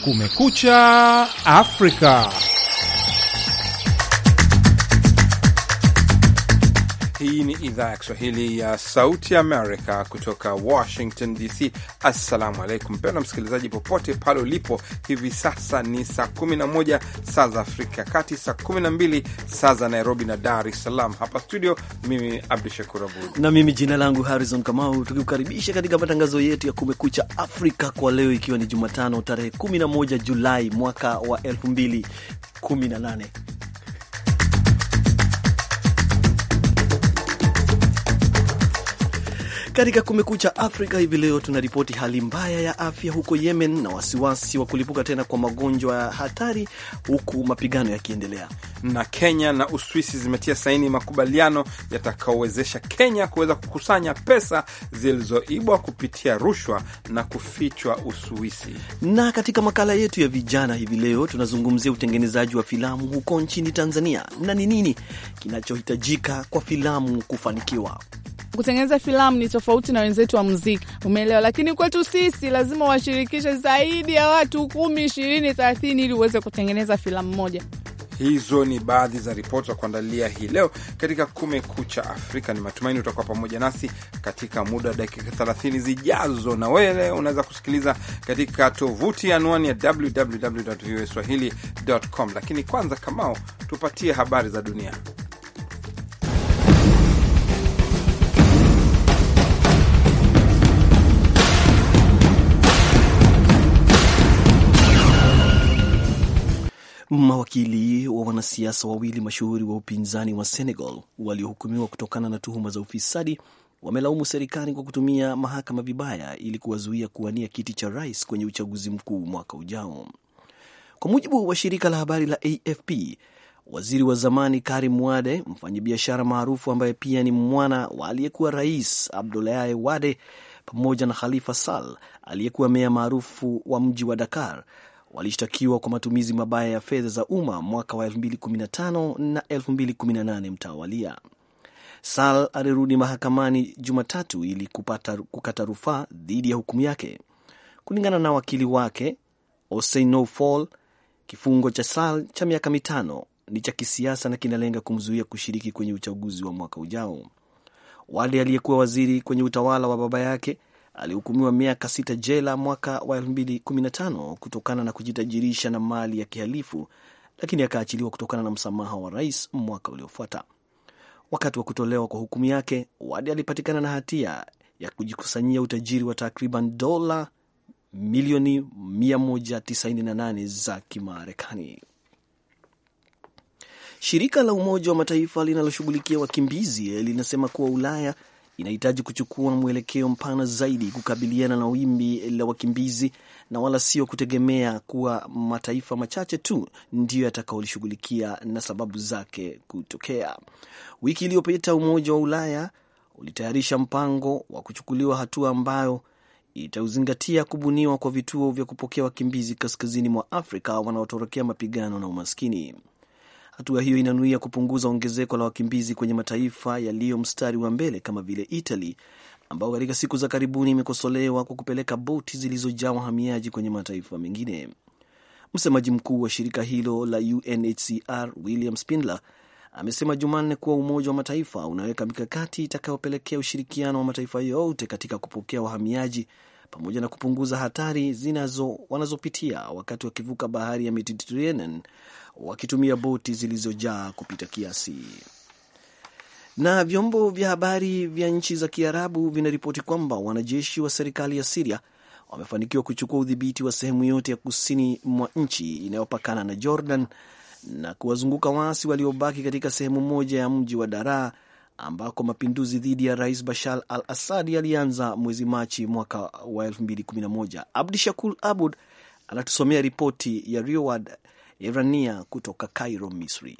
Kumekucha Afrika. Hii ni idhaa ya Kiswahili ya Sauti Amerika kutoka Washington DC. Assalamu alaikum mpendwa msikilizaji, popote pale ulipo hivi sasa. Ni saa 11 saa za Afrika Kati, saa 12 saa za Nairobi na Dar es Salaam. Hapa studio, mimi Abdu Shakur Abud na mimi jina langu Harrison Kamau, tukikukaribisha katika matangazo yetu ya Kumekucha Afrika kwa leo, ikiwa ni Jumatano tarehe 11 Julai mwaka wa 2018. Katika Kumekucha Afrika hivi leo tunaripoti hali mbaya ya afya huko Yemen na wasiwasi wa kulipuka tena kwa magonjwa ya hatari huku mapigano yakiendelea. Na Kenya na Uswisi zimetia saini makubaliano yatakaowezesha Kenya kuweza kukusanya pesa zilizoibwa kupitia rushwa na kufichwa Uswisi. Na katika makala yetu ya vijana hivi leo tunazungumzia utengenezaji wa filamu huko nchini Tanzania na ni nini kinachohitajika kwa filamu kufanikiwa kutengeneza filamu ni tofauti na wenzetu wa muziki, umeelewa? Lakini kwetu sisi lazima washirikishe zaidi ya watu kumi, ishirini, thelathini ili uweze kutengeneza filamu moja. Hizo ni baadhi za ripoti za kuandalia hii leo katika Kumekucha Afrika. Ni matumaini utakuwa pamoja nasi katika muda wa dakika 30 zijazo, na wewe unaweza kusikiliza katika tovuti anwani ya www voa swahili com. Lakini kwanza, Kamao, tupatie habari za dunia. Mawakili wa wanasiasa wawili mashuhuri wa upinzani wa Senegal waliohukumiwa kutokana na tuhuma za ufisadi wamelaumu serikali kwa kutumia mahakama vibaya ili kuwazuia kuwania kiti cha rais kwenye uchaguzi mkuu mwaka ujao. Kwa mujibu wa shirika la habari la AFP, waziri wa zamani Karim Wade, mfanyabiashara maarufu ambaye pia ni mwana wa aliyekuwa rais Abdoulaye Wade, pamoja na Khalifa Sall aliyekuwa meya maarufu wa mji wa Dakar walishtakiwa kwa matumizi mabaya ya fedha za umma mwaka wa 2015 na 2018 mtawalia. Sal alirudi mahakamani Jumatatu ili kupata kukata rufaa dhidi ya hukumu yake. Kulingana na wakili wake osenofal kifungo cha Sal cha miaka mitano ni cha kisiasa na kinalenga kumzuia kushiriki kwenye uchaguzi wa mwaka ujao. Wade aliyekuwa waziri kwenye utawala wa baba yake alihukumiwa miaka sita jela mwaka wa 2015 kutokana na kujitajirisha na mali ya kihalifu, lakini akaachiliwa kutokana na msamaha wa rais mwaka uliofuata. Wakati wa kutolewa kwa hukumu yake, Wade alipatikana na hatia ya kujikusanyia utajiri wa takriban dola milioni 198 za Kimarekani. Shirika la Umoja wa Mataifa linaloshughulikia wakimbizi linasema kuwa Ulaya inahitaji kuchukua mwelekeo mpana zaidi kukabiliana na wimbi la wakimbizi na wala sio kutegemea kuwa mataifa machache tu ndiyo yatakaolishughulikia na sababu zake kutokea. Wiki iliyopita Umoja wa Ulaya ulitayarisha mpango wa kuchukuliwa hatua ambayo itauzingatia kubuniwa kwa vituo vya kupokea wakimbizi kaskazini mwa Afrika wanaotorokea mapigano na umaskini. Hatua hiyo inanuia kupunguza ongezeko la wakimbizi kwenye mataifa yaliyo mstari wa mbele kama vile Italy ambao katika siku za karibuni imekosolewa kwa kupeleka boti zilizojaa wahamiaji kwenye mataifa mengine. Msemaji mkuu wa shirika hilo la UNHCR William Spindler amesema Jumanne kuwa Umoja wa Mataifa unaweka mikakati itakayopelekea ushirikiano wa mataifa yote katika kupokea wahamiaji pamoja na kupunguza hatari zinazo wanazopitia wakati wakivuka bahari ya Mediterranean wakitumia boti zilizojaa kupita kiasi. Na vyombo vya habari vya nchi za Kiarabu vinaripoti kwamba wanajeshi wa serikali ya Siria wamefanikiwa kuchukua udhibiti wa sehemu yote ya kusini mwa nchi inayopakana na Jordan na kuwazunguka waasi waliobaki katika sehemu moja ya mji wa Daraa ambako mapinduzi dhidi ya rais Bashar al Assad yalianza mwezi Machi mwaka wa 2011. Abdi Abud anatusomea ripoti ya Riowad Irania kutoka Cairo, Misri.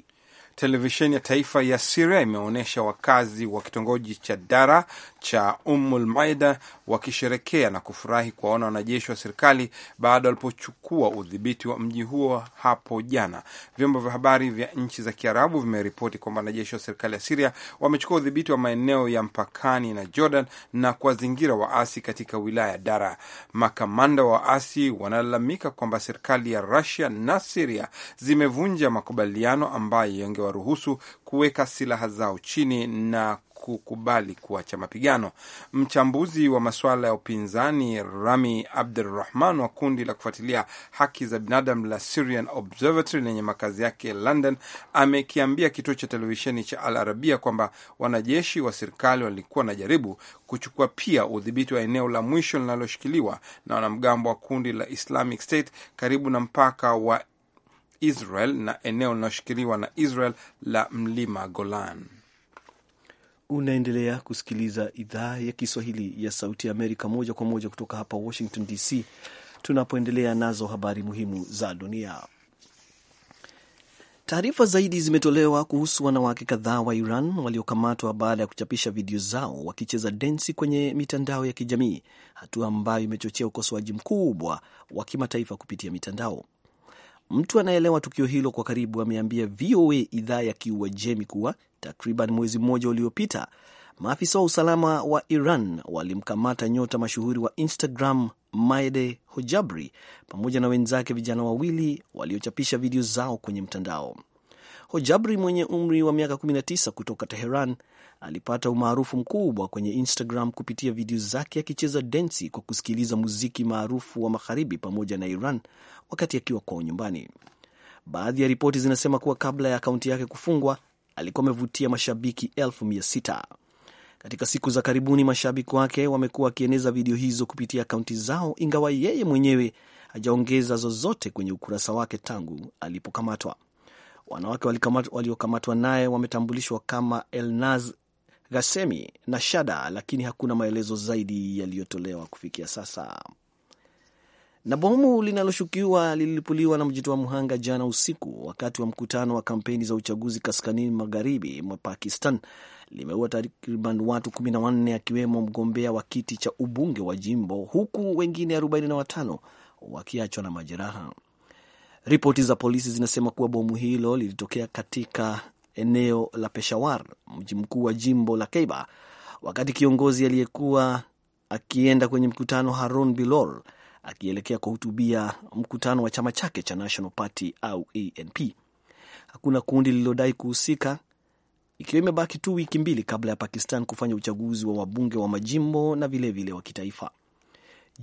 Televisheni ya taifa ya Siria imeonyesha wakazi wa kitongoji cha Dara cha Umul Maida wakisherekea na kufurahi kuwaona wanajeshi wa serikali baada walipochukua udhibiti wa mji huo hapo jana. Vyombo vya habari vya nchi za Kiarabu vimeripoti kwamba wanajeshi wa serikali ya Siria wamechukua udhibiti wa maeneo ya mpakani na Jordan na kuwazingira waasi katika wilaya ya Dara. Makamanda wa waasi wanalalamika kwamba serikali ya Rusia na Siria zimevunja makubaliano ambayo yangewaruhusu kuweka silaha zao chini na kukubali kuacha mapigano. Mchambuzi wa masuala ya upinzani Rami Abdurrahman wa kundi la kufuatilia haki za binadamu la Syrian Observatory lenye makazi yake London amekiambia kituo cha televisheni cha Al Arabia kwamba wanajeshi wa serikali walikuwa wanajaribu kuchukua pia udhibiti wa eneo la mwisho linaloshikiliwa na wanamgambo wa kundi la Islamic State karibu na mpaka wa Israel na eneo linaloshikiliwa na Israel la mlima Golan. Unaendelea kusikiliza idhaa ya Kiswahili ya Sauti ya Amerika moja kwa moja kutoka hapa Washington DC, tunapoendelea nazo habari muhimu za dunia. Taarifa zaidi zimetolewa kuhusu wanawake kadhaa wa Iran waliokamatwa baada ya kuchapisha video zao wakicheza densi kwenye mitandao ya kijamii, hatua ambayo imechochea ukosoaji mkubwa wa kimataifa kupitia mitandao. Mtu anaelewa tukio hilo kwa karibu ameambia VOA idhaa ya Kiuajemi kuwa Takriban mwezi mmoja uliopita, maafisa wa usalama wa Iran walimkamata nyota mashuhuri wa Instagram Maede Hojabri pamoja na wenzake vijana wawili waliochapisha video zao kwenye mtandao. Hojabri mwenye umri wa miaka 19 kutoka Teheran alipata umaarufu mkubwa kwenye Instagram kupitia video zake akicheza densi kwa kusikiliza muziki maarufu wa magharibi pamoja na Iran wakati akiwa kwao nyumbani. Baadhi ya ripoti zinasema kuwa kabla ya akaunti yake kufungwa, alikuwa amevutia mashabiki elfu mia sita. Katika siku za karibuni mashabiki wake wamekuwa wakieneza video hizo kupitia akaunti zao, ingawa yeye mwenyewe hajaongeza zozote kwenye ukurasa wake tangu alipokamatwa. Wanawake waliokamatwa naye wametambulishwa kama Elnaz Ghasemi na Shada, lakini hakuna maelezo zaidi yaliyotolewa kufikia sasa na bomu linaloshukiwa lililipuliwa na mjitoa mhanga jana usiku wakati wa mkutano wa kampeni za uchaguzi kaskazini magharibi mwa Pakistan limeua takriban watu 1 akiwemo mgombea wa kiti cha ubunge wa jimbo huku wengine 45 wakiachwa na majeraha. Ripoti za polisi zinasema kuwa bomu hilo lilitokea katika eneo la Peshawar, mji mkuu wa jimbo la Kaiba, wakati kiongozi aliyekuwa akienda kwenye mkutano Harun Bilol akielekea kuhutubia mkutano wa chama chake cha National Party au ANP. Hakuna kundi lililodai kuhusika, ikiwa imebaki tu wiki mbili kabla ya Pakistan kufanya uchaguzi wa wabunge wa majimbo na vilevile vile wa kitaifa.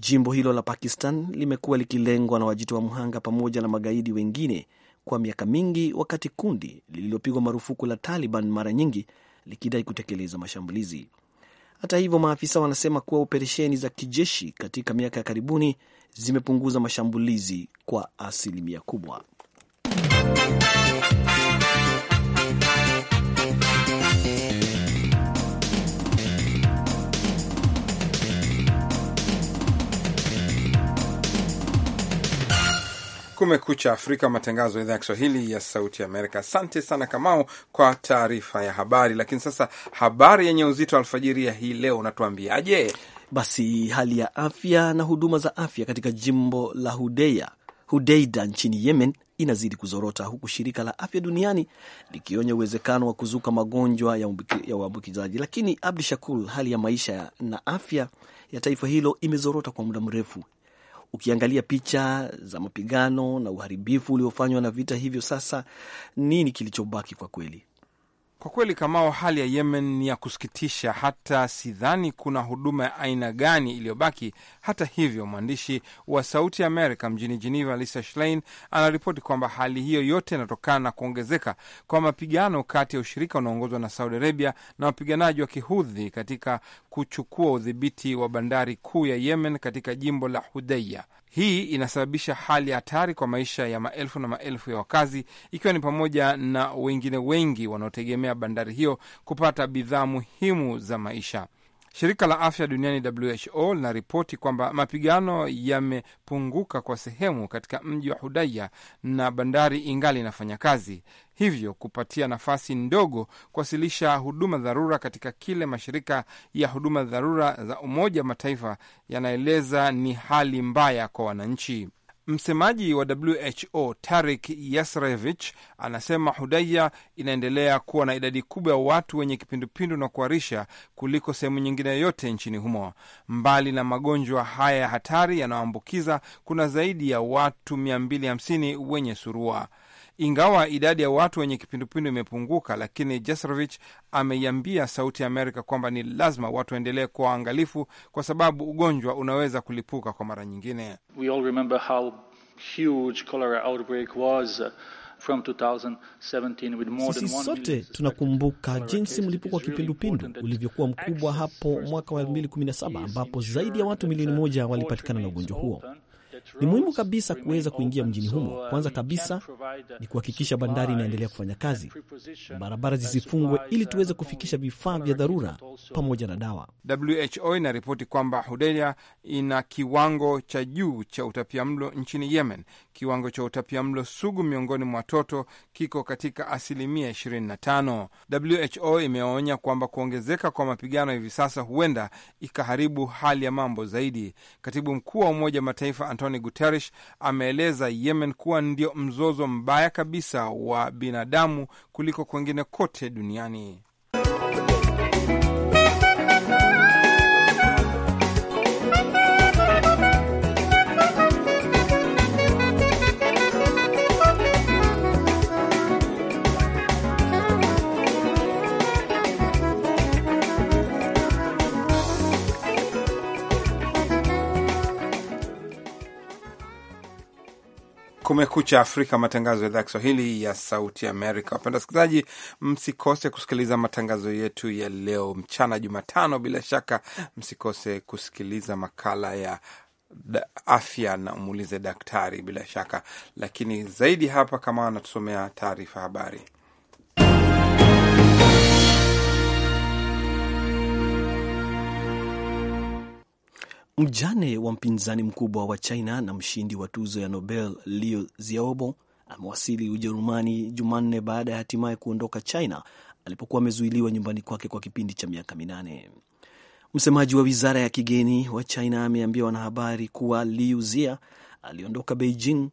Jimbo hilo la Pakistan limekuwa likilengwa na wajitoa mhanga pamoja na magaidi wengine kwa miaka mingi, wakati kundi lililopigwa marufuku la Taliban mara nyingi likidai kutekeleza mashambulizi. Hata hivyo, maafisa wanasema kuwa operesheni za kijeshi katika miaka ya karibuni zimepunguza mashambulizi kwa asilimia kubwa. Kumekucha Afrika, matangazo ya idhaa ya Kiswahili ya Sauti Amerika. Asante sana Kamao kwa taarifa ya habari, lakini sasa habari yenye uzito wa alfajiri ya hii leo unatuambiaje? Basi hali ya afya na huduma za afya katika jimbo la Hudeya, Hudeida nchini Yemen inazidi kuzorota huku shirika la afya duniani likionya uwezekano wa kuzuka magonjwa ya uambukizaji. Lakini Abdu Shakur, hali ya maisha na afya ya taifa hilo imezorota kwa muda mrefu ukiangalia picha za mapigano na uharibifu uliofanywa na vita hivyo, sasa nini kilichobaki kwa kweli? Kwa kweli, Kamao, hali ya Yemen ni ya kusikitisha, hata sidhani kuna huduma ya aina gani iliyobaki. Hata hivyo, mwandishi wa Sauti Amerika mjini Geneva, Lisa Schlein, anaripoti kwamba hali hiyo yote inatokana na kuongezeka kwa mapigano kati ya ushirika unaoongozwa na Saudi Arabia na wapiganaji wa Kihudhi katika kuchukua udhibiti wa bandari kuu ya Yemen katika jimbo la Hudeiya. Hii inasababisha hali hatari kwa maisha ya maelfu na maelfu ya wakazi, ikiwa ni pamoja na wengine wengi wanaotegemea bandari hiyo kupata bidhaa muhimu za maisha. Shirika la afya duniani WHO linaripoti kwamba mapigano yamepunguka kwa sehemu katika mji wa Hudaya na bandari ingali inafanya kazi, hivyo kupatia nafasi ndogo kuwasilisha huduma dharura katika kile mashirika ya huduma dharura za Umoja wa Mataifa yanaeleza ni hali mbaya kwa wananchi. Msemaji wa WHO Tarik Yasrevich anasema Hudaya inaendelea kuwa na idadi kubwa ya watu wenye kipindupindu na kuharisha kuliko sehemu nyingine yoyote nchini humo. Mbali na magonjwa haya ya hatari yanayoambukiza, kuna zaidi ya watu 250 wenye surua. Ingawa idadi ya watu wenye kipindupindu imepunguka, lakini Jesrovich ameiambia Sauti ya Amerika kwamba ni lazima watu waendelee kuwa waangalifu, kwa sababu ugonjwa unaweza kulipuka kwa mara nyingine. We all remember how huge cholera outbreak was uh, from 2017 with more than sisi sote tunakumbuka jinsi mlipuko wa kipindupindu ulivyokuwa mkubwa hapo mwaka wa 2017 ambapo zaidi ya watu milioni moja walipatikana na ugonjwa huo. Ni muhimu kabisa kuweza kuingia mjini humo. Kwanza uh, kabisa ni kuhakikisha bandari inaendelea kufanya kazi, barabara zisifungwe, ili uh, tuweze kufikisha vifaa vya dharura pamoja na dawa. WHO inaripoti kwamba hudelia ina kiwango cha juu cha utapiamlo nchini Yemen kiwango cha utapiamlo sugu miongoni mwa watoto kiko katika asilimia 25. WHO imeonya kwamba kuongezeka kwa mapigano hivi sasa huenda ikaharibu hali ya mambo zaidi. Katibu mkuu wa Umoja wa Mataifa Antony Guterres ameeleza Yemen kuwa ndio mzozo mbaya kabisa wa binadamu kuliko kwengine kote duniani. Kumekucha Afrika, matangazo ya idhaa ya Kiswahili ya Sauti Amerika. Wapenda wasikilizaji, msikose kusikiliza matangazo yetu ya leo mchana, Jumatano. Bila shaka, msikose kusikiliza makala ya afya na umuulize daktari, bila shaka. Lakini zaidi hapa, kama anatusomea taarifa habari Mjane wa mpinzani mkubwa wa China na mshindi wa tuzo ya Nobel Liu Xiaobo amewasili Ujerumani Jumanne baada ya hatimaye kuondoka China alipokuwa amezuiliwa nyumbani kwake kwa kipindi cha miaka minane. Msemaji wa wizara ya kigeni wa China ameambia wanahabari kuwa Liu Zia aliondoka Beijing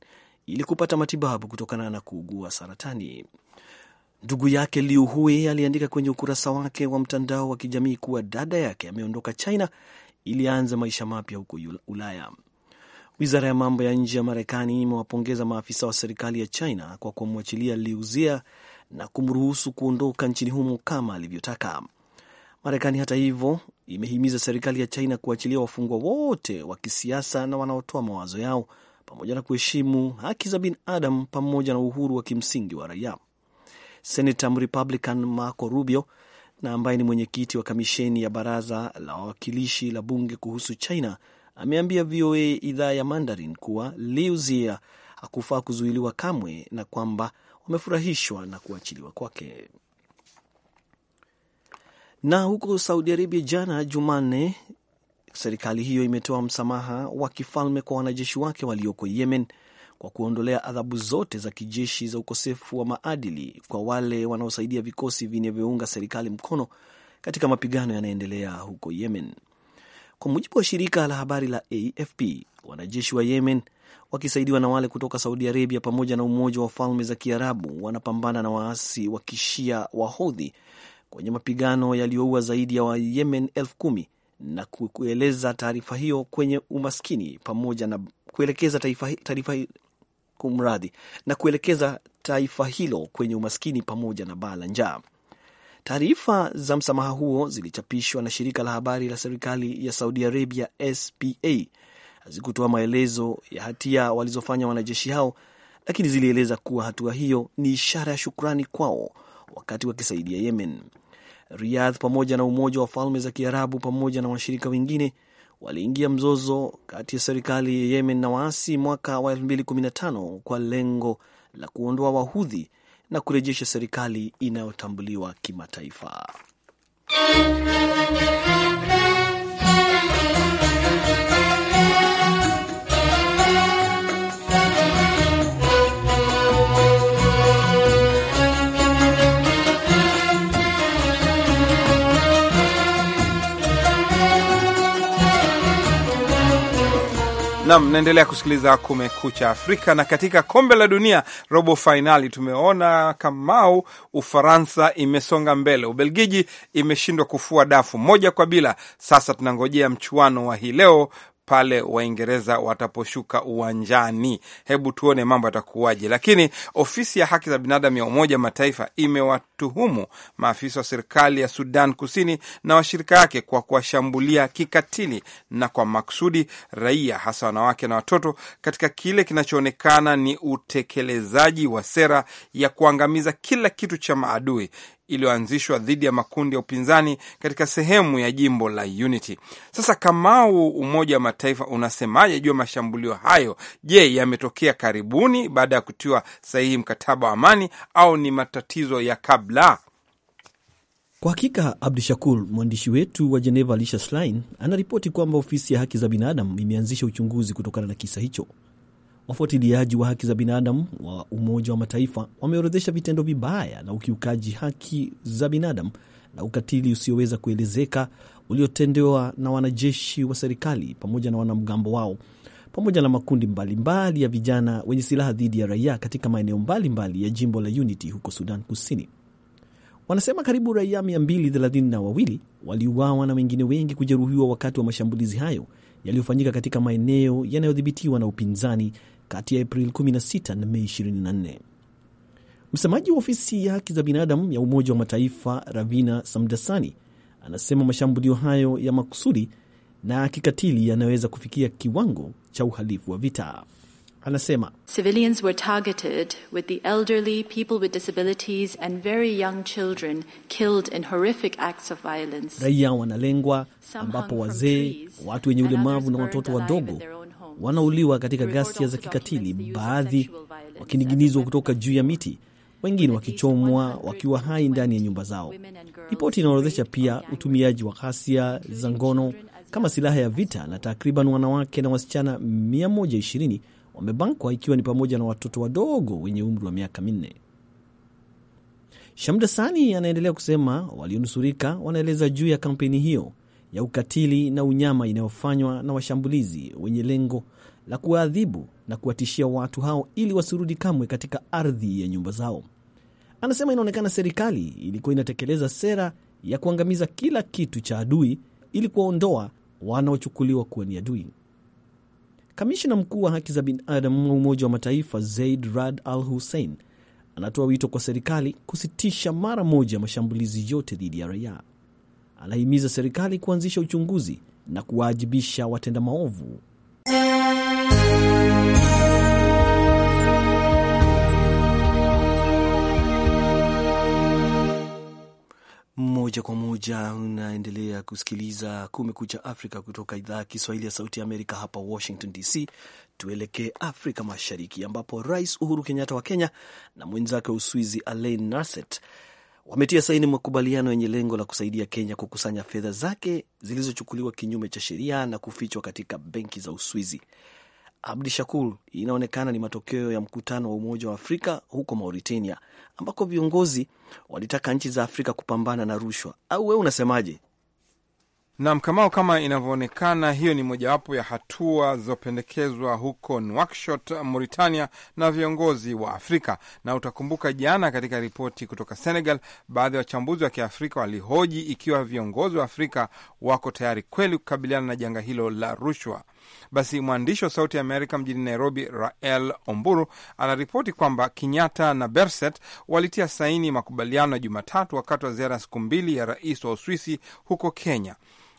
ili kupata matibabu kutokana na kuugua saratani. Ndugu yake Liu Hui aliandika kwenye ukurasa wake wa mtandao wa kijamii kuwa dada yake ameondoka China ilianza maisha mapya huko Ulaya. Wizara ya mambo ya nje ya Marekani imewapongeza maafisa wa serikali ya China kwa kumwachilia Liu na kumruhusu kuondoka nchini humo kama alivyotaka. Marekani hata hivyo imehimiza serikali ya China kuachilia wafungwa wote wa kisiasa na wanaotoa mawazo yao pamoja na kuheshimu haki za binadamu pamoja na uhuru wa kimsingi wa raia. Senata Mrepublican Marco Rubio na ambaye ni mwenyekiti wa kamisheni ya baraza la wawakilishi la bunge kuhusu China ameambia VOA idhaa ya Mandarin kuwa Liu hakufaa kuzuiliwa kamwe na kwamba wamefurahishwa na kuachiliwa kwake. Na huko Saudi Arabia jana Jumanne, serikali hiyo imetoa msamaha wa kifalme kwa wanajeshi wake walioko Yemen kwa kuondolea adhabu zote za kijeshi za ukosefu wa maadili kwa wale wanaosaidia vikosi vinavyounga serikali mkono katika mapigano yanaendelea huko Yemen. Kwa mujibu wa shirika la habari la AFP, wanajeshi wa Yemen wakisaidiwa na wale kutoka Saudi Arabia pamoja na Umoja wa Falme za Kiarabu wanapambana na waasi wa kishia wahodhi kwenye mapigano yaliyoua zaidi ya Wayemen elfu kumi na kueleza taarifa hiyo kwenye umaskini pamoja na kuelekeza taarifa kumradhi, na kuelekeza taifa hilo kwenye umaskini pamoja na baa la njaa. Taarifa za msamaha huo zilichapishwa na shirika la habari la serikali ya Saudi Arabia SPA. Hazikutoa maelezo ya hatia walizofanya wanajeshi hao, lakini zilieleza kuwa hatua hiyo ni ishara ya shukrani kwao wakati wakisaidia Yemen. Riyadh pamoja na Umoja wa Falme za Kiarabu pamoja na washirika wengine waliingia mzozo kati ya serikali ya Yemen na waasi mwaka wa 2015 kwa lengo la kuondoa wahudhi na kurejesha serikali inayotambuliwa kimataifa. Nam, naendelea kusikiliza Kumekucha Afrika. Na katika kombe la dunia robo fainali, tumeona Kamau, Ufaransa imesonga mbele, Ubelgiji imeshindwa kufua dafu moja kwa bila. Sasa tunangojea mchuano wa hii leo pale Waingereza wataposhuka uwanjani. Hebu tuone mambo yatakuwaje. Lakini ofisi ya haki za binadamu ya Umoja Mataifa imewatuhumu maafisa wa serikali ya Sudan Kusini na washirika yake kwa kuwashambulia kikatili na kwa makusudi raia, hasa wanawake na watoto, katika kile kinachoonekana ni utekelezaji wa sera ya kuangamiza kila kitu cha maadui iliyoanzishwa dhidi ya makundi ya upinzani katika sehemu ya jimbo la Unity. Sasa Kamau, Umoja wa Mataifa unasemaje juu ya mashambulio hayo? Je, yametokea karibuni baada ya kutiwa sahihi mkataba wa amani au ni matatizo ya kabla? Kwa hakika, Abdu Shakur, mwandishi wetu wa Geneva Alisha Schlein anaripoti kwamba ofisi ya haki za binadamu imeanzisha uchunguzi kutokana na kisa hicho. Wafuatiliaji wa haki za binadamu wa Umoja wa Mataifa wameorodhesha vitendo vibaya na ukiukaji haki za binadamu na ukatili usioweza kuelezeka uliotendewa na wanajeshi wa serikali pamoja na wanamgambo wao pamoja na makundi mbalimbali mbali ya vijana wenye silaha dhidi ya raia katika maeneo mbalimbali ya jimbo la Unity huko Sudan Kusini. Wanasema karibu raia 232 waliuawa na wengine wengi kujeruhiwa wakati wa mashambulizi hayo yaliyofanyika katika maeneo yanayodhibitiwa na upinzani kati ya Aprili 16 na Mei 24. Msemaji wa ofisi ya haki za binadamu ya Umoja wa Mataifa Ravina Samdasani anasema mashambulio hayo ya makusudi na kikatili yanaweza kufikia kiwango cha uhalifu wa vita. Anasema civilians were targeted with the elderly, people with disabilities and very young children killed in horrific acts of violence. Raia wanalengwa ambapo wazee, watu wenye ulemavu na watoto wadogo wanauliwa katika ghasia za kikatili, baadhi wakining'inizwa kutoka juu ya miti, wengine wakichomwa wakiwa hai ndani ya nyumba zao. Ripoti inaorodhesha pia utumiaji wa ghasia za ngono kama silaha ya vita, na takriban wanawake na wasichana 120 wamebankwa, ikiwa ni pamoja na watoto wadogo wenye umri wa miaka minne. Shamdasani anaendelea kusema walionusurika wanaeleza juu ya kampeni hiyo ya ukatili na unyama inayofanywa na washambulizi wenye lengo la kuwaadhibu na kuwatishia watu hao ili wasirudi kamwe katika ardhi ya nyumba zao. Anasema inaonekana serikali ilikuwa inatekeleza sera ya kuangamiza kila kitu cha adui ili kuwaondoa wanaochukuliwa kuwa ni adui. Kamishina mkuu wa haki za binadamu wa Umoja wa Mataifa Zaid Rad Al Hussein anatoa wito kwa serikali kusitisha mara moja mashambulizi yote dhidi ya raia. Anahimiza serikali kuanzisha uchunguzi na kuwaajibisha watenda maovu moja kwa moja unaendelea kusikiliza Kumekucha Afrika kutoka idhaa ya Kiswahili ya Sauti ya Amerika hapa Washington DC. Tuelekee Afrika Mashariki, ambapo Rais Uhuru Kenyatta wa Kenya na mwenzake wa Uswizi Alain Narset wametia saini makubaliano yenye lengo la kusaidia Kenya kukusanya fedha zake zilizochukuliwa kinyume cha sheria na kufichwa katika benki za Uswizi. Abdi Shakur, inaonekana ni matokeo ya mkutano wa Umoja wa Afrika huko Mauritania ambako viongozi walitaka nchi za Afrika kupambana na rushwa. Au wewe unasemaje? Nam Kamao, kama inavyoonekana, hiyo ni mojawapo ya hatua zilizopendekezwa huko Nouakchott, Mauritania, na viongozi wa Afrika. Na utakumbuka jana, katika ripoti kutoka Senegal, baadhi ya wachambuzi wa Kiafrika walihoji ikiwa viongozi wa Afrika wako tayari kweli kukabiliana na janga hilo la rushwa. Basi mwandishi wa Sauti ya Amerika mjini Nairobi, Rael Omburu, anaripoti kwamba Kenyatta na Berset walitia saini makubaliano ya Jumatatu wakati wa ziara ya siku mbili ya rais wa Uswisi huko Kenya.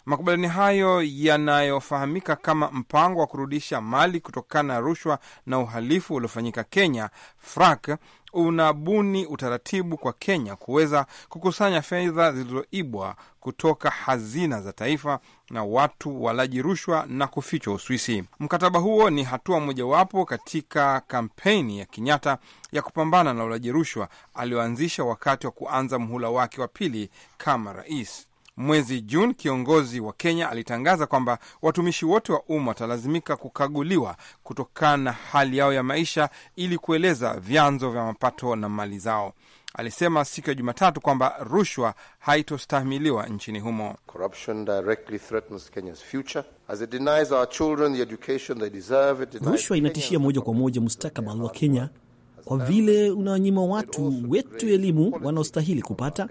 Makubaliano hayo yanayofahamika kama mpango wa kurudisha mali kutokana na rushwa na uhalifu uliofanyika Kenya, FRAK, unabuni utaratibu kwa Kenya kuweza kukusanya fedha zilizoibwa kutoka hazina za taifa na watu walaji rushwa na kufichwa Uswisi. Mkataba huo ni hatua mojawapo katika kampeni ya Kenyatta ya kupambana na ulaji rushwa aliyoanzisha wakati wa kuanza mhula wake wa pili kama rais. Mwezi Juni, kiongozi wa Kenya alitangaza kwamba watumishi wote wa umma watalazimika kukaguliwa kutokana na hali yao ya maisha ili kueleza vyanzo vya mapato na mali zao. Alisema siku ya Jumatatu kwamba rushwa haitostahimiliwa nchini humo. Rushwa inatishia moja kwa moja mustakabali wa Kenya kwa vile unawanyima watu wetu elimu wanaostahili kupata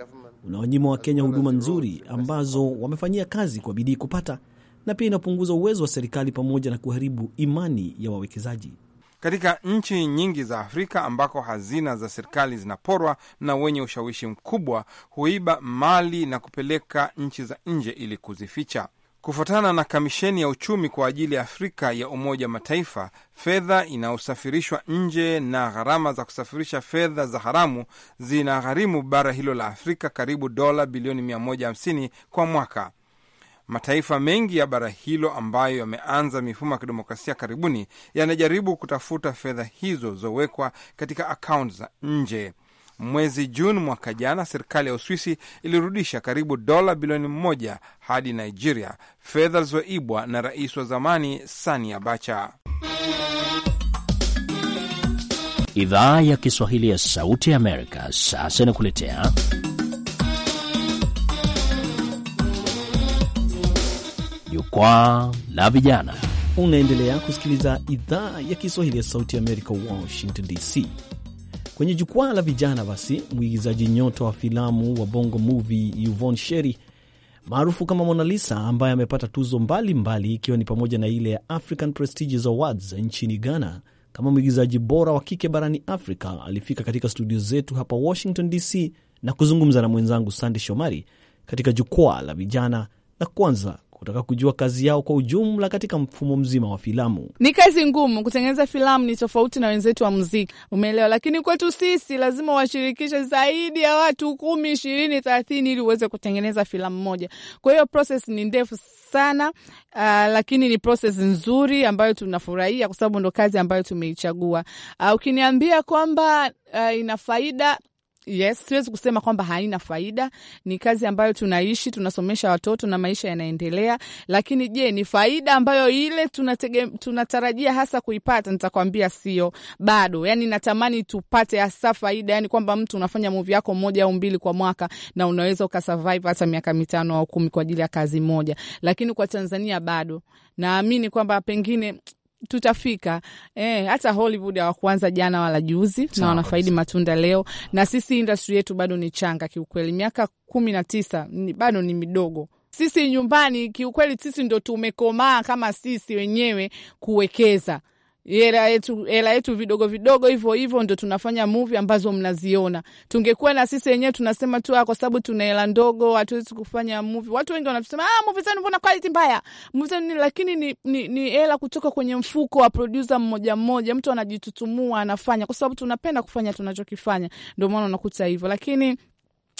unaonyima Wakenya huduma nzuri ambazo wamefanyia kazi kwa bidii kupata, na pia inapunguza uwezo wa serikali pamoja na kuharibu imani ya wawekezaji. Katika nchi nyingi za Afrika ambako hazina za serikali zinaporwa na wenye ushawishi mkubwa huiba mali na kupeleka nchi za nje ili kuzificha. Kufuatana na kamisheni ya uchumi kwa ajili ya Afrika ya Umoja Mataifa, fedha inayosafirishwa nje na gharama za kusafirisha fedha za haramu zinagharimu bara hilo la Afrika karibu dola bilioni 150 kwa mwaka. Mataifa mengi ya bara hilo ambayo yameanza mifumo ya kidemokrasia karibuni yanajaribu kutafuta fedha hizo zilizowekwa katika akaunti za nje. Mwezi Juni mwaka jana, serikali ya Uswisi ilirudisha karibu dola bilioni moja hadi Nigeria, fedha zilizoibwa na rais wa zamani Sani Abacha. Idhaa ya Kiswahili ya Sauti ya Amerika sasa inakuletea Jukwaa la Vijana. Unaendelea kusikiliza idhaa ya Kiswahili ya Sauti ya Amerika, Washington DC. Kwenye jukwaa la vijana, basi mwigizaji nyota wa filamu wa Bongo Movie Yvonne Sheri maarufu kama Mona Lisa ambaye amepata tuzo mbalimbali ikiwa ni pamoja na ile ya African Prestigious Awards nchini Ghana kama mwigizaji bora wa kike barani Afrika alifika katika studio zetu hapa Washington DC na kuzungumza na mwenzangu Sande Shomari katika jukwaa la vijana, na kwanza kutaka kujua kazi yao kwa ujumla katika mfumo mzima wa filamu. Ni kazi ngumu kutengeneza filamu, ni tofauti na wenzetu wa muziki, umeelewa? Lakini kwetu sisi lazima washirikishe zaidi ya watu kumi, ishirini, thelathini ili uweze kutengeneza filamu moja. Kwa hiyo proses ni ndefu sana uh, lakini ni proses nzuri ambayo tunafurahia kwa sababu ndo kazi ambayo tumeichagua. Uh, ukiniambia kwamba uh, ina faida Yes, siwezi kusema kwamba haina faida. Ni kazi ambayo tunaishi, tunasomesha watoto na maisha yanaendelea. Lakini je, ni faida ambayo ile tunatege, tunatarajia hasa kuipata? Nitakwambia sio bado. Yani natamani tupate hasa faida, yani kwamba mtu unafanya muvi yako moja au mbili kwa mwaka na unaweza ukasurvive hata miaka mitano au kumi kwa ajili ya kazi moja, lakini kwa Tanzania bado naamini kwamba pengine tutafika eh, hata Hollywood hawakuanza jana wala juzi, na wanafaidi matunda leo, na sisi industry yetu bado ni changa kiukweli. Miaka kumi na tisa bado ni midogo sisi nyumbani, kiukweli sisi ndo tumekomaa kama sisi wenyewe kuwekeza hela yetu, hela yetu vidogo vidogo hivyo hivyo ndo tunafanya movie ambazo mnaziona. Tungekuwa na sisi wenyewe tunasema tu ah, kwa sababu tuna hela ndogo hatuwezi kufanya movie. Watu wengi wanatusema ah, movie zenu mbona quality mbaya, movie zenu, lakini ni ni, ni hela kutoka kwenye mfuko wa producer mmoja mmoja, mtu anajitutumua anafanya, kwa sababu tunapenda kufanya tunachokifanya, ndio maana unakuta hivyo, lakini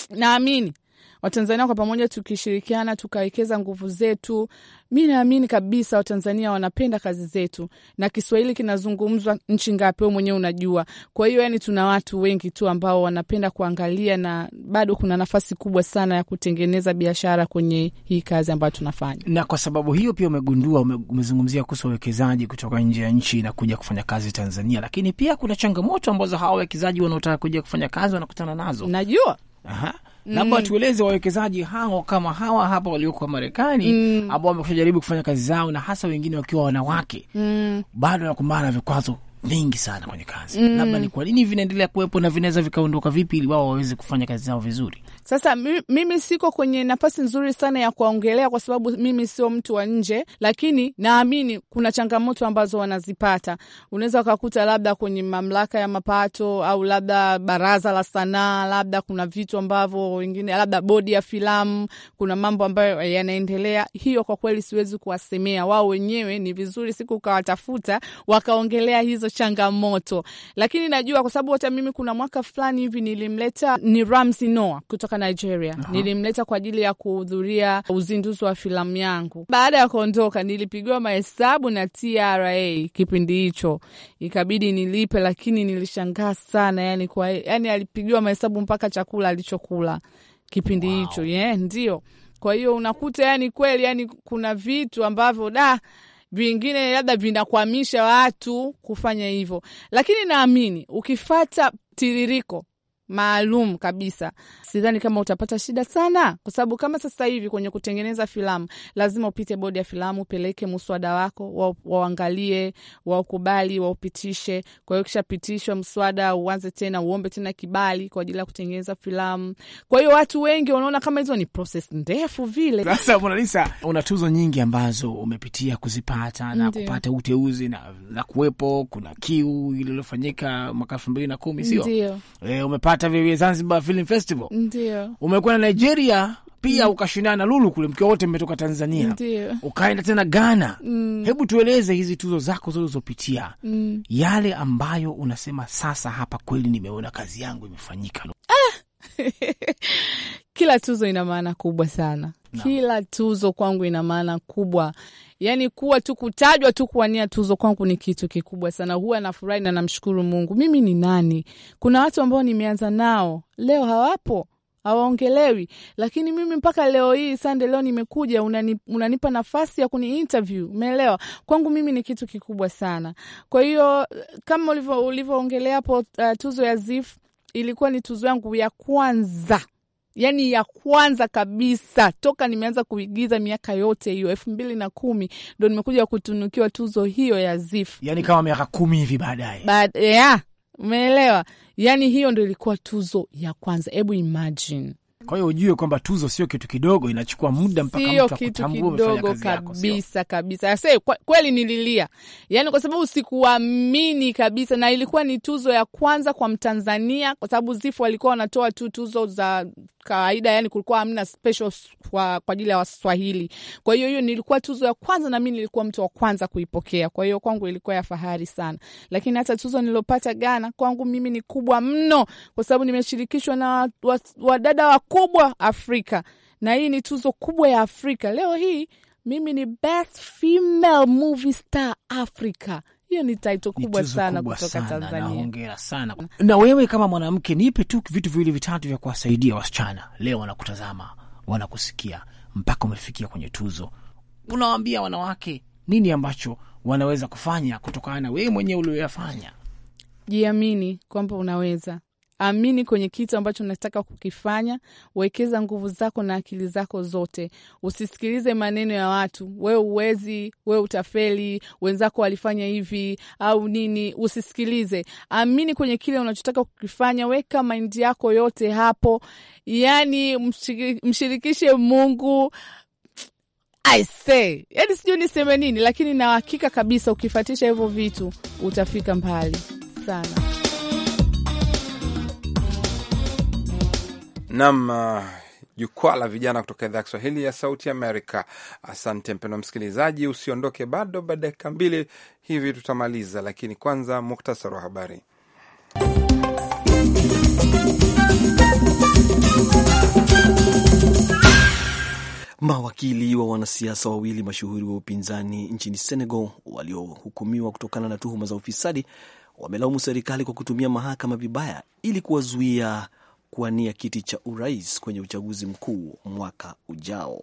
naamini Watanzania kwa pamoja tukishirikiana, tukawekeza nguvu zetu, mi naamini kabisa Watanzania wanapenda kazi zetu, na Kiswahili kinazungumzwa nchi ngapi, wewe mwenyewe unajua. Kwa hiyo, yani tuna watu wengi tu ambao wanapenda kuangalia, na bado kuna nafasi kubwa sana ya kutengeneza biashara kwenye hii kazi ambayo tunafanya. Na kwa sababu hiyo pia umegundua, umezungumzia kuhusu wawekezaji kutoka nje ya nchi na kuja kufanya kazi Tanzania, lakini pia kuna changamoto ambazo hawa wawekezaji wanaotaka kuja kufanya kazi wanakutana nazo, najua. Aha labda mm. tueleze wawekezaji hao kama hawa hapa walioko Marekani mm. ambao wamekusha jaribu kufanya kazi zao na hasa wengine wakiwa wanawake mm. bado wanakumbana na vikwazo vingi sana kwenye kazi mm. labda ni kwa nini vinaendelea kuwepo na vinaweza vikaondoka vipi ili wao waweze kufanya kazi zao vizuri? Sasa mimi siko kwenye nafasi nzuri sana ya kuwaongelea kwa sababu mimi sio mtu wa nje, lakini naamini kuna changamoto ambazo wanazipata. Unaweza ukakuta labda kwenye mamlaka ya mapato au labda baraza la sanaa, labda kuna vitu ambavyo wengine, labda bodi ya filamu, kuna mambo ambayo yanaendelea. Hiyo kwa kweli siwezi kuwasemea wao wenyewe. Ni vizuri siku ukawatafuta wakaongelea hizo changamoto, lakini najua kwa sababu hata mimi kuna mwaka fulani hivi nilimleta ni Ramsi Noah kutoka kutoka Nigeria. Aha. Nilimleta kwa ajili ya kuhudhuria uzinduzi wa filamu yangu. Baada ya kuondoka, nilipigiwa mahesabu na TRA kipindi hicho, ikabidi nilipe, lakini nilishangaa sana yani, kwa yani alipigiwa mahesabu mpaka chakula alichokula kipindi hicho. Wow. Yeah, ndio. Kwa hiyo unakuta yani kweli yani kuna vitu ambavyo da vingine labda vinakwamisha watu kufanya hivyo, lakini naamini ukifata tiririko maalum kabisa, sidhani kama utapata shida sana, kwa sababu kama sasa hivi kwenye kutengeneza filamu lazima upite bodi ya filamu, upeleke mswada wako, waangalie, waukubali, waupitishe. Kwa hiyo kishapitishwa mswada, uanze tena, uombe tena kibali kwa ajili ya kutengeneza filamu. Kwa hiyo watu wengi wanaona kama hizo ni proses ndefu vile. Sasa Mona Lisa, una tuzo nyingi ambazo umepitia kuzipata na Ndiyo. kupata uteuzi na, na kuwepo kuna kiu ililofanyika mwaka elfu mbili na kumi sio e, umepata hata vile Zanzibar Film Festival. Ndio. na Nigeria pia ukashindana na Lulu kule, mkiwa wote mmetoka Tanzania. Ndio. Ukaenda tena Ghana. Mm. Hebu tueleze hizi tuzo zako zilizopitia. Mm. Yale ambayo unasema sasa hapa kweli nimeona kazi yangu imefanyika. Ah! Kila tuzo ina maana kubwa sana kila tuzo kwangu ina maana kubwa, yaani kuwa tu kutajwa tu kuwania tuzo kwangu ni kitu kikubwa sana. Huwa nafurahi na namshukuru Mungu. Mimi ni nani? Kuna watu ambao nimeanza nao leo hawapo hawaongelewi lakini mimi mpaka leo hii Sande, leo nimekuja, unani, unanipa nafasi ya kuni interview, umeelewa? Kwangu mimi ni kitu kikubwa sana. Kwa hiyo kama ulivyoongelea hapo, uh, tuzo ya ZIF ilikuwa ni tuzo yangu ya kwanza yani ya kwanza kabisa toka nimeanza kuigiza miaka yote hiyo elfu mbili na kumi ndo nimekuja kutunukiwa tuzo hiyo ya ZIFF, yani kama miaka kumi hivi baadaye But, yeah, umeelewa? Yani hiyo ndo ilikuwa tuzo ya kwanza. Hebu imagine kwa hiyo ujue kwamba tuzo sio kitu kidogo, inachukua muda mpaka sio kitu kidogo kabisa kabisa. Sasa kweli nililia, yani kwa sababu sikuamini kabisa, na ilikuwa ni tuzo ya kwanza kwa Mtanzania, kwa sababu Zifu walikuwa wanatoa tu tuzo za kawaida, yani kulikuwa hamna special kwa kwa ajili ya Waswahili. Kwa hiyo hiyo nilikuwa tuzo ya kwanza, na mimi nilikuwa mtu wa kwanza kuipokea, kwa hiyo kwangu ilikuwa ya fahari sana. Lakini hata tuzo nilopata Ghana kwangu mimi ni kubwa mno, kwa sababu nimeshirikishwa na wadada wa, wa, wa kubwa Afrika, na hii ni tuzo kubwa ya Afrika. Leo hii mimi ni best female movie star Africa. Hiyo ni taito kubwa sana kutoka sana, Tanzania. Hongera sana. Na wewe kama mwanamke, nipe tu vitu viwili vitatu vya kuwasaidia wasichana leo wanakutazama, wanakusikia mpaka umefikia kwenye tuzo, unawaambia wanawake nini ambacho wanaweza kufanya kutokana na wewe mwenyewe ulioyafanya? Jiamini kwamba unaweza Amini kwenye kitu ambacho unataka kukifanya. Wekeza nguvu zako na akili zako zote, usisikilize maneno ya watu, wewe uwezi, we utafeli, wenzako walifanya hivi au nini. Usisikilize, amini kwenye kile unachotaka kukifanya, weka maindi yako yote hapo, yani mshirikishe Mungu. I say, yani sijui niseme nini, lakini na hakika kabisa ukifatisha hivyo vitu utafika mbali sana. nam uh, jukwaa la vijana kutoka idhaa ya Kiswahili ya Sauti Amerika. Asante mpendwa msikilizaji, usiondoke bado, baada ya dakika mbili hivi tutamaliza, lakini kwanza muktasari wa habari. Mawakili wa wanasiasa wawili mashuhuri wa upinzani nchini Senegal waliohukumiwa kutokana na tuhuma za ufisadi wamelaumu serikali kwa kutumia mahakama vibaya ili kuwazuia kuwania kiti cha urais kwenye uchaguzi mkuu mwaka ujao.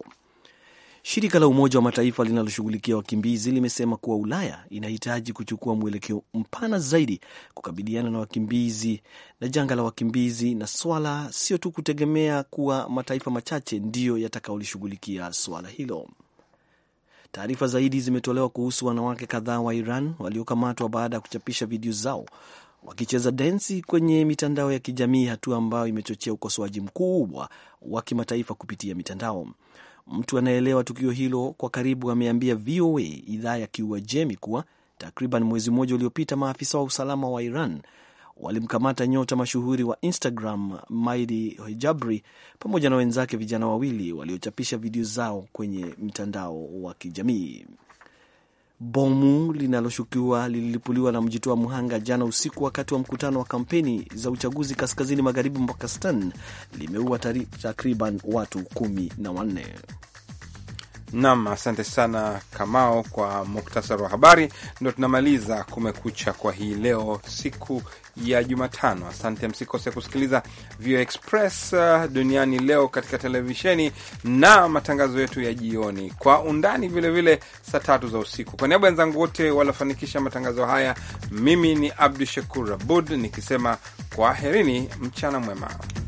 Shirika la Umoja wa Mataifa linaloshughulikia wakimbizi limesema kuwa Ulaya inahitaji kuchukua mwelekeo mpana zaidi kukabiliana na wakimbizi na janga la wakimbizi, na swala sio tu kutegemea kuwa mataifa machache ndiyo yatakaolishughulikia swala hilo. Taarifa zaidi zimetolewa kuhusu wanawake kadhaa wa Iran waliokamatwa baada ya kuchapisha video zao wakicheza densi kwenye mitandao ya kijamii, hatua ambayo imechochea ukosoaji mkubwa wa kimataifa kupitia mitandao. Mtu anaelewa tukio hilo kwa karibu ameambia VOA idhaa ya Kiuajemi kuwa takriban mwezi mmoja uliopita maafisa wa usalama wa Iran walimkamata nyota mashuhuri wa Instagram Maidi Hijabri pamoja na wenzake vijana wawili waliochapisha video zao kwenye mtandao wa kijamii bomu linaloshukiwa lililipuliwa na mjitoa mhanga jana usiku wakati wa mkutano wa kampeni za uchaguzi kaskazini magharibi mwa Pakistan limeua takriban watu kumi na wanne. Nam, asante sana Kamao kwa muktasari wa habari. Ndo tunamaliza Kumekucha kwa hii leo, siku ya Jumatano. Asante, msikose kusikiliza VOA Express uh, duniani leo katika televisheni na matangazo yetu ya jioni kwa undani, vilevile saa tatu za usiku. Kwa niaba wenzangu wote waliofanikisha matangazo haya, mimi ni Abdu Shakur Abud nikisema kwaherini, mchana mwema.